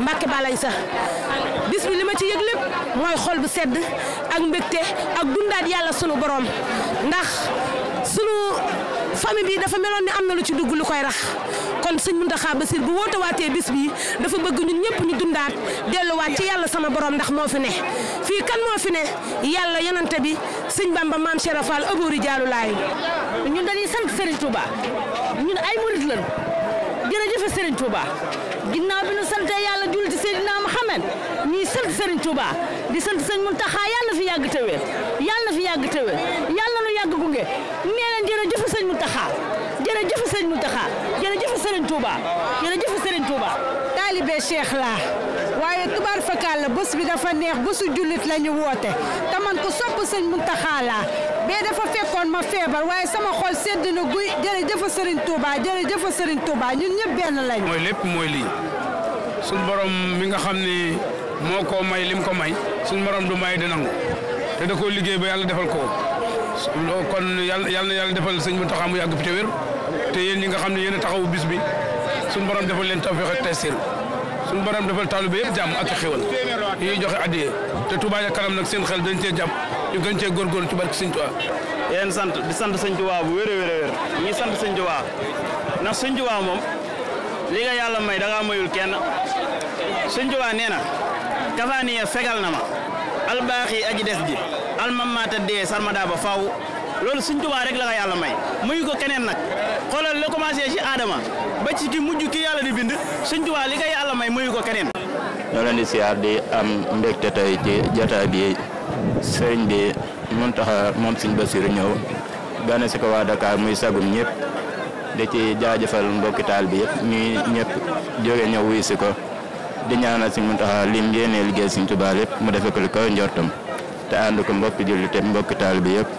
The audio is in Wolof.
Mbacke balay sax bis bi li ma ci yëg lépp mooy xol bu sedd ak mbégte ak dundaat yàlla sunu borom ndax sunu famille bi dafa meloon ni am na lu ci dugg lu koy rax kon sëñ Mountakha Bassir bu wootawaatee bis bi dafa bëgg ñun ñëpp ñu dundaat delluwaat ci yàlla sama borom ndax moo fi ne fii kan moo fi ne yàlla yonante bi sëñ Bamba maam Cheikh Fall Abouri Diallo laay ñun dañuy sant Serigne Touba ñun ay murid lañu jërëjëf Serigne Touba ginnaaw bi nu sante yàlla julli ci Seydina Muhammad ñuy sant Serigne Touba di sant sëñ Muntaxa yàlla na fi yàgg te wér yàlla na fi yàgg te wér yàlla na nu yàgg gunge nee leen jërëjëf sëñ Muntaxa jërëjëf sëñ Muntaxa jërëjëf Serigne Touba jërëjëf Serigne Touba. taalibe Cheikh laa waaye tubaar fakal la bés bi dafa neex bésu jullit la ñu woote te man ko sopp sëñ Muntaxa laa بيد ففي كون ما في بار واي سما خول سيد نغوي ديري ديفو سيرين توبا ديري ديفو سيرين توبا ني نيب بن لاج موي ليب موي لي سون بروم ميغا خامني موكو ماي ليم كو ماي سون بروم دو ماي دنا تي داكو ليغي با يالا ديفال كو كون يالا يالا ديفال سيغ مو تخامو ياغ بيتي وير تي يين نيغا خامني يين تاخاو بيس بي سون بروم ديفال لين توفيق ak tayseer سون بروم ديفال طالب يي جام ak خيوال يي جوخي اديه te Touba ca kanam nag seen xel dañ cee jàpp ñu gën cee góorgóorlu ci barke Sëñ Touba yéen sant di sant Sëñ Touba bu wér a wér a wér sant Sëñ Touba ndax Sëñ Touba moom li yàlla may da ngaa mayul kenn Sëñ nee na kafaaniya fegal na ma albaaxi aji des ji almamaata dee sarmada ba faaw loolu Sëñ Touba rek la yàlla may muyu ko keneen nag xoolal la ci Adama ba ci ki mujj ki yàlla di bind Sëñ Touba li nga yàlla may mayu ko keneen ñoo leen di siyaar di am mbégte tey ci jataay bi sëriñ bi Muntaxa moom sëriñ Basiru ñëw gane si ko waa Dakar muy sagum ñëpp di ci jaajëfal mbokki taal bi yëpp ñuy ñëpp jóge ñëw wuy si ko di ñaanal si Muntaxa lim yéenee liggéey Sëriñ Tuubaa yëpp mu defe ko li kaw njortam te ànd ko mbokki jullit te mbokki taal bi yëpp